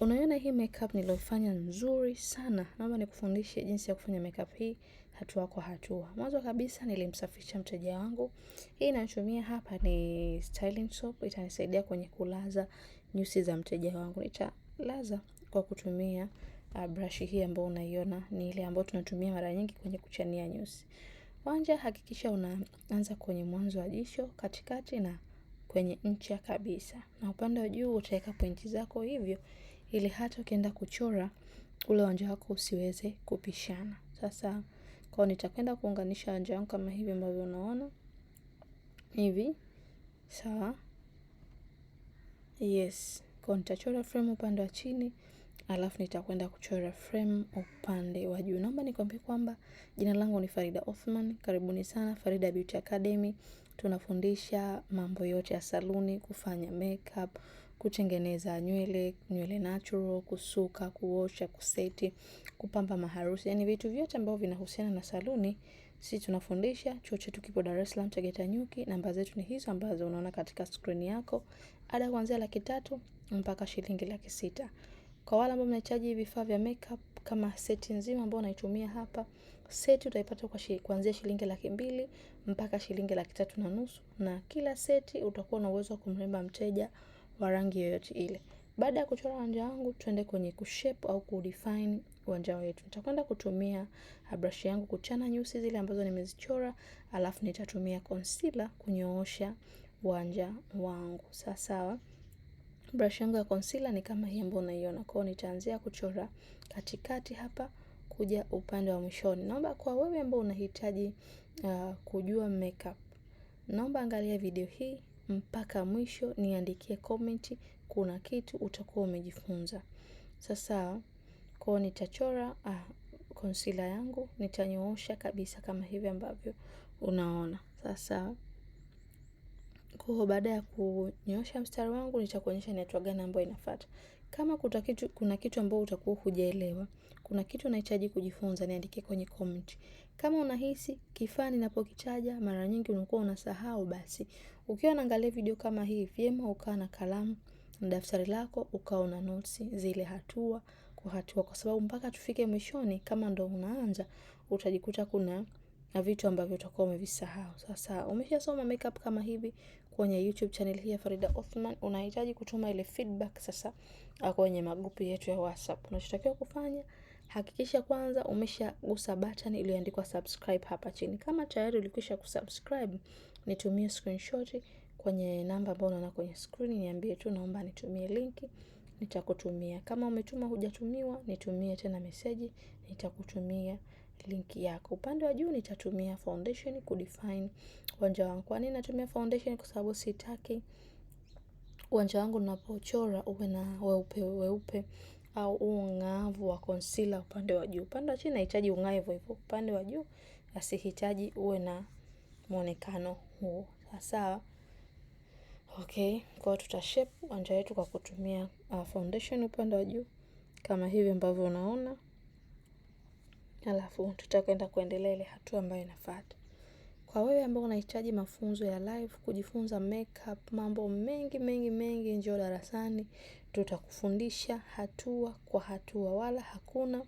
Unaona hii makeup niliyofanya nzuri sana. Naomba nikufundishe jinsi ya kufanya makeup hii hatua kwa hatua. Mwanzo kabisa nilimsafisha mteja wangu. Hii natumia hapa ni styling soap, itanisaidia kwenye kulaza nyusi za mteja wangu. Nitalaza kwa kutumia uh, brush hii ambayo unaiona ni ile ambayo tunatumia mara nyingi kwenye kuchania nyusi. Kwanza hakikisha unaanza kwenye mwanzo wa jicho, katikati na kwenye ncha kabisa. Na upande wa juu utaweka pointi zako hivyo ili hata ukienda kuchora ule wanja wako usiweze kupishana. Sasa kwa nitakwenda kuunganisha wanja wangu kama hivi ambavyo unaona hivi sawa. Yes, kwa nitachora frame upande wa chini alafu nitakwenda kuchora frame upande wa juu. Naomba nikwambie kwamba jina langu ni Farida Othman. Karibuni sana Farida Beauty Academy. Tunafundisha mambo yote ya saluni, kufanya makeup, kutengeneza nywele, nywele natural, kusuka, kuosha, kuseti, kupamba maharusi, yani vitu vyote ambavyo vinahusiana na saluni sisi tunafundisha. Chuo chetu kipo Dar es Salaam Tegeta Nyuki. Namba zetu ni hizo ambazo unaona katika skrini yako. Ada kuanzia laki tatu mpaka shilingi laki sita. Kwa wale ambao mnahitaji vifaa vya makeup kama seti nzima ambayo naitumia hapa, seti utaipata kwa shi, kuanzia shilingi laki mbili mpaka shilingi laki tatu na nusu, na kila seti utakuwa na uwezo wa kumremba mteja wa rangi yoyote ile. Baada ya kuchora uwanja wangu, tuende kwenye kushape au kurefine wanja wetu. Nitakwenda kutumia brush yangu kuchana nyusi zile ambazo nimezichora, alafu nitatumia concealer kunyoosha wanja wangu. Sawa sawa. Brush yangu ya concealer ni kama hii ambayo unaiona. Kwa hiyo nitaanzia kuchora katikati hapa kuja upande wa mwishoni. Naomba kwa wewe ambao unahitaji uh, kujua makeup. Naomba angalia video hii mpaka mwisho, niandikie komenti, kuna kitu utakuwa umejifunza. Sasa kwa nitachora ah, konsila yangu nitanyoosha kabisa kama hivi ambavyo unaona sasa. Kwa baada ya kunyoosha mstari wangu, nitakuonyesha ni hatua gani ambayo inafuata. Kama kuta kitu, kuna kitu ambao utakuwa hujaelewa, kuna kitu unahitaji kujifunza, niandikie kwenye comment. Kama unahisi kifaa ninapokitaja mara nyingi unakuwa unasahau, basi ukiwa unaangalia video kama hii, vyema ukawa na kalamu na daftari lako, ukawa una notes zile hatua kwa hatua, kwa sababu mpaka tufike mwishoni, kama ndo unaanza, utajikuta kuna na vitu ambavyo utakuwa umevisahau. Sasa umeshasoma makeup kama hivi kwenye YouTube channel hii ya Farida Othman, unahitaji kutuma ile feedback sasa uh, kwenye magrupu yetu ya WhatsApp. Unachotakiwa kufanya hakikisha kwanza umeshagusa button iliyoandikwa subscribe hapa chini. Kama tayari ulikwisha kusubscribe, nitumie screenshot kwenye namba ambayo unaona kwenye screen, niambie tu naomba nitumie linki, nitakutumia. Kama umetuma hujatumiwa, nitumie tena meseji, nitakutumia linki yako. Upande wa juu nitatumia foundation kudefine uwanja wangu. Kwa nini natumia foundation? Kwa sababu sitaki uwanja wangu ninapochora uwe na weupe weupe au ungavu wa concealer upande wa juu. Upande wa chini nahitaji ung'aa hivyo hivyo, upande wa juu asihitaji uwe na mwonekano huo. Sawa. Okay, kwa tuta shape wanja yetu kwa kutumia uh, foundation upande wa juu kama hivi ambavyo unaona, alafu tutakwenda kuendelea ile hatua ambayo inafuata. Kwa wewe ambao unahitaji mafunzo ya live kujifunza makeup, mambo mengi mengi mengi, njoo darasani, tutakufundisha hatua kwa hatua, wala hakuna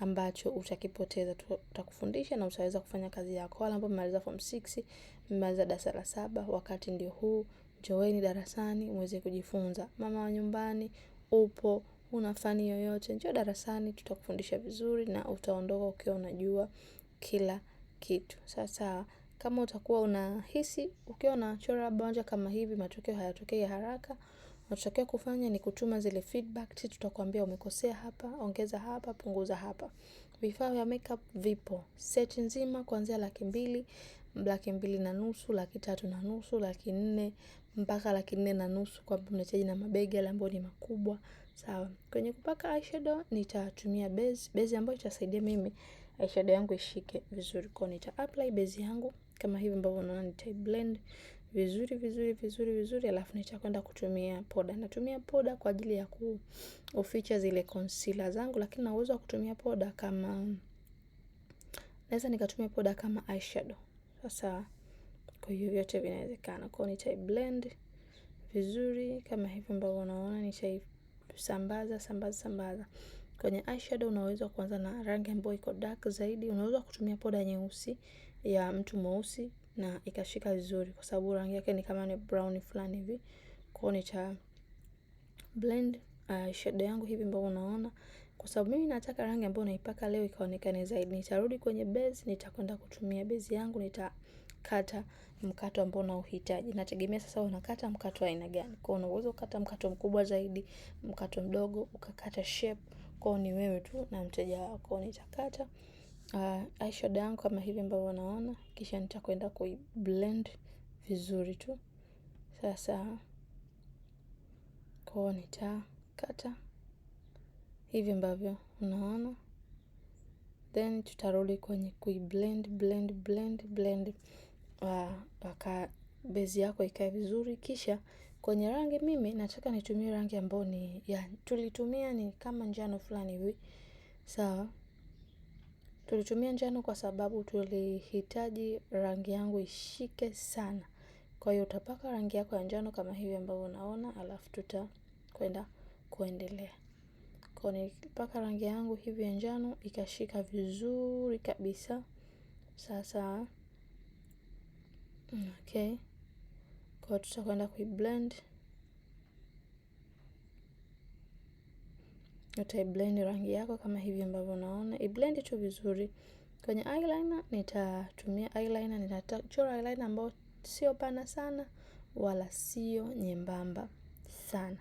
ambacho utakipoteza. Tutakufundisha na utaweza kufanya kazi yako. Wale ambao mmemaliza form 6, mmemaliza darasa la saba, wakati ndio huu. njoeni darasani uweze kujifunza. Mama wa nyumbani, upo una fani yoyote, njoo darasani, tutakufundisha vizuri na utaondoka ukiwa unajua kila kitu sawasawa. Kama utakuwa unahisi ukiwa unachora bonja kama hivi matokeo hayatokei ya haraka, unachotakiwa kufanya ni kutuma zile feedback, sisi tutakwambia umekosea hapa, ongeza hapa, punguza hapa. Vifaa vya makeup vipo seti nzima kuanzia laki mbili, laki mbili na nusu, laki tatu na nusu, laki nne mpaka laki nne na nusu, kwamba unahitaji na mabegi yale ambayo ni makubwa. Sawa, kwenye kupaka eyeshadow nitatumia base, base ambayo itasaidia mimi eyeshadow yangu ishike vizuri, kwa nita apply base yangu kama hivi ambavyo unaona nita blend vizuri vizuri vizuri vizuri, alafu nitakwenda kutumia poda. Natumia poda kwa ajili ya kuficha zile concealer zangu, lakini na uwezo wa kutumia poda kama, naweza nikatumia poda kama eyeshadow. Sasa kwa hiyo vyote vinawezekana. Kwa hiyo nita blend vizuri kama hivi ambavyo unaona, sambaza sambaza sambaza kwenye eyeshadow. Unaweza kuanza na rangi ambayo iko dark zaidi, unaweza kutumia poda nyeusi ya mtu mweusi na ikashika vizuri, kwa sababu rangi yake ni kama ni brown fulani hivi. Kwao ni cha blend uh, shade yangu hivi ambayo unaona, kwa sababu mimi nataka rangi ambayo naipaka leo ikaonekane zaidi. Nitarudi kwenye base, nitakwenda kutumia base yangu, nitakata mkato ambao nauhitaji. Nategemea sasa unakata mkato aina gani. Kwao unaweza ukata mkato mkubwa zaidi, mkato mdogo, ukakata shape. Kwao ni wewe tu na mteja wako. Nitakata eyeshadow uh, yangu kama hivi ambavyo unaona, kisha nitakwenda blend vizuri tu. Sasa kwao nitakata hivi ambavyo unaona, then tutarudi kwenye kuiblend blend blend blend mpaka uh, bezi yako ikae vizuri. Kisha kwenye rangi, mimi nataka nitumie rangi ambayo ni ya tulitumia ni kama njano fulani hivi, sawa Tulitumia njano kwa sababu tulihitaji rangi yangu ishike sana. Kwa hiyo utapaka rangi yako ya njano kama hivi ambavyo unaona alafu tutakwenda kuendelea. Kwa nilipaka rangi yangu hivi ya njano ikashika vizuri kabisa. Sasa okay. Kwa tutakwenda kuiblend nitaiblend rangi yako kama hivi ambavyo unaona, iblend tu vizuri. Kwenye eyeliner nitatumia eyeliner, nitachora eyeliner ambayo sio pana sana wala sio nyembamba sana.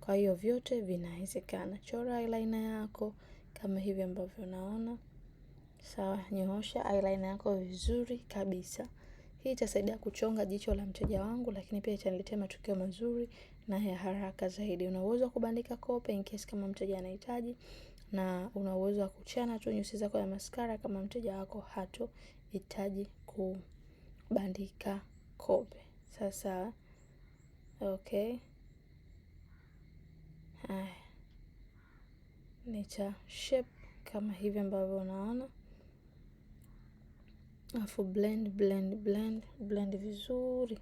Kwa hiyo vyote vinawezekana. Chora eyeliner yako kama hivi ambavyo unaona. Sawa, nyoosha eyeliner yako vizuri kabisa. Hii itasaidia kuchonga jicho la mteja wangu, lakini pia itaniletea matokeo mazuri na ya haraka zaidi. Una uwezo wa kubandika kope in case kama mteja anahitaji, na una uwezo wa kuchana tu nyusi zako ya maskara kama mteja wako hatohitaji kubandika kope. Sasa okay, haya ni cha shape kama hivi ambavyo unaona, alafu blend blend blend blend vizuri.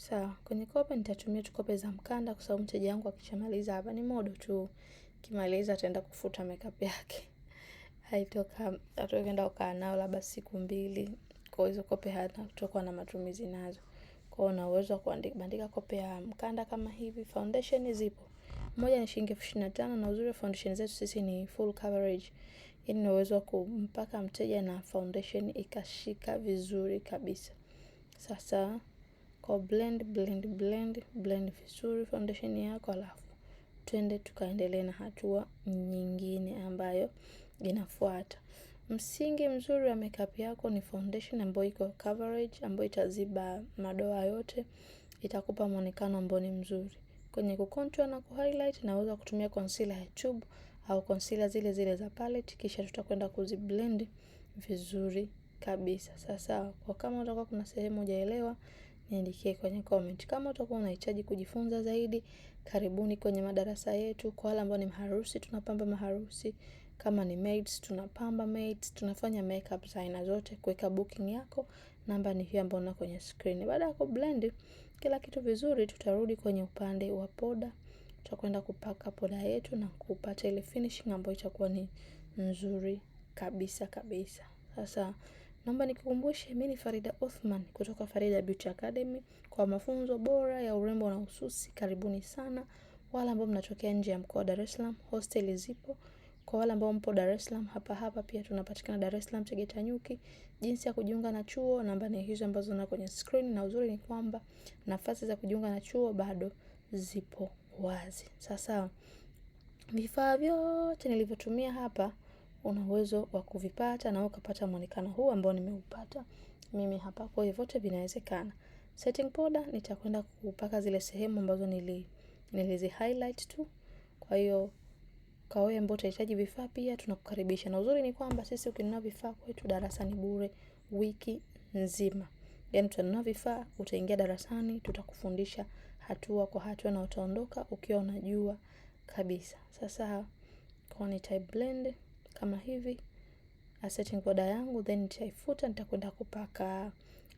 Sawa, kwenye kope nitatumia tu kope za mkanda kwa sababu mteja wangu akishamaliza hapa ni modo tu. Kimaliza ataenda kufuta makeup yake. Haitoka atakwenda ukaa nao labda siku mbili. Kwa hizo kope hata kutokuwa na matumizi nazo. Kwa hiyo una uwezo wa kuandika kope ya mkanda kama hivi. Foundation zipo. Moja ni shilingi elfu ishirini na tano na uzuri wa foundation zetu sisi ni full coverage. Yaani una uwezo wa kumpaka mteja na foundation ikashika vizuri kabisa. Sasa kwa blend, blend, blend, blend vizuri foundation yako, alafu twende tukaendelee na hatua nyingine ambayo inafuata. Msingi mzuri wa makeup yako ni foundation ambayo iko coverage, ambayo itaziba madoa yote, itakupa muonekano ambao ni mzuri. Kwenye kucontour na kuhighlight, naweza kutumia concealer ya tube au concealer zile zile za palette, kisha tutakwenda kuziblend vizuri kabisa. Sasa kwa kama utakuwa kuna sehemu hujaelewa niandikie kwenye comment. Kama utakuwa unahitaji kujifunza zaidi, karibuni kwenye madarasa yetu. Kwa wale ambao ni maharusi, tunapamba maharusi. Kama ni maids, tunapamba maids, tunafanya makeup za aina zote. Kuweka booking yako, namba ni hiyo ambayo unaona kwenye screen. Baada ya kublend kila kitu vizuri, tutarudi kwenye upande wa poda. Tutakwenda kupaka poda yetu na kupata ile finishing ambayo itakuwa ni nzuri kabisa kabisa. Sasa Naomba nikukumbushe, mimi ni Farida Othman kutoka Farida Beauty Academy kwa mafunzo bora ya urembo na ususi. Karibuni sana wale ambao mnatokea nje ya mkoa wa Dar es Salaam, hostel zipo. Kwa wale ambao mpo Dar es Salaam hapa hapa pia tunapatikana Dar es Salaam Tegeta Nyuki. Jinsi ya kujiunga na chuo, namba ni hizo ambazo na kwenye screen, na uzuri ni kwamba nafasi za kujiunga na chuo bado zipo wazi. Sasa vifaa vyote nilivyotumia hapa una uwezo wa kuvipata na ukapata mwonekano huu ambao nimeupata mimi hapa. Kwa hiyo vyote vinawezekana. Setting powder nitakwenda kupaka zile sehemu ambazo nili nilizi highlight tu. Kwa hiyo kwa wewe ambao utahitaji vifaa pia tunakukaribisha, na uzuri ni kwamba sisi ukinunua vifaa kwetu darasa ni bure wiki nzima. yani utanunua vifaa, utaingia darasani, tutakufundisha hatua kwa hatua na utaondoka ukiwa unajua kabisa. Sasa kwa ni type blend kama hivi setting powder yangu then nitaifuta, nitakwenda kupaka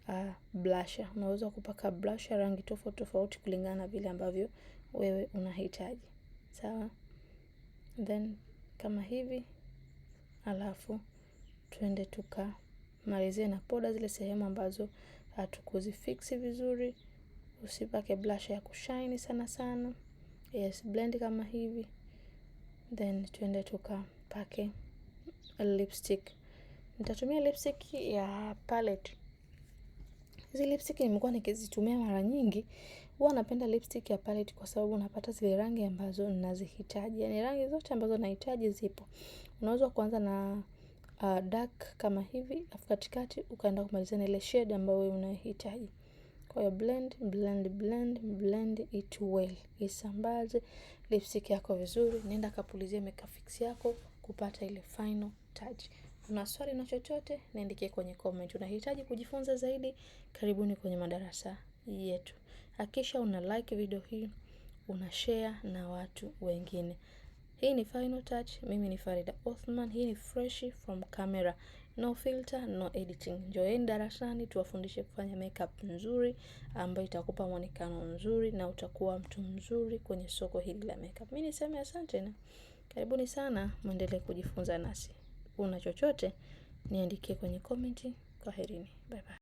uh, blusher. Unaweza kupaka blusher rangi tofauti tofauti kulingana na vile ambavyo wewe unahitaji, sawa. Then kama hivi, alafu tuende tukamalizie na poda zile sehemu ambazo hatukuzifiksi vizuri. Usipake blusher ya kushine sana sana. Yes, blend kama hivi, then tuende tukapake lipstick. Nitatumia lipstick ya palette. Hizi lipstick nimekuwa nikizitumia mara nyingi. Huwa napenda lipstick ya palette kwa sababu napata zile rangi ambazo ninazihitaji. Yaani rangi zote ambazo nahitaji zipo. Unaweza kuanza na uh, dark kama hivi, afu katikati ukaenda kumalizia na ile shade ambayo wewe unahitaji. Kwa hiyo blend, blend, blend, blend it well. Isambaze lipstick yako vizuri, nenda kapulizie makeup fix yako kupata ile final unahitaji. Una swali na chochote, niandikie kwenye comment. Unahitaji kujifunza zaidi? Karibuni kwenye madarasa yetu. Hakisha una like video hii, una share na watu wengine. Hii ni Final Touch. Mimi ni Farida Othman. Hii ni fresh from camera, no filter, no editing. Njoeni darasani tuwafundishe kufanya makeup nzuri ambayo itakupa mwonekano mzuri na utakuwa mtu mzuri kwenye soko hili la makeup. Mimi niseme asante na karibuni sana, muendelee kujifunza nasi una chochote niandikie kwenye komenti. Kwaherini, bye bye.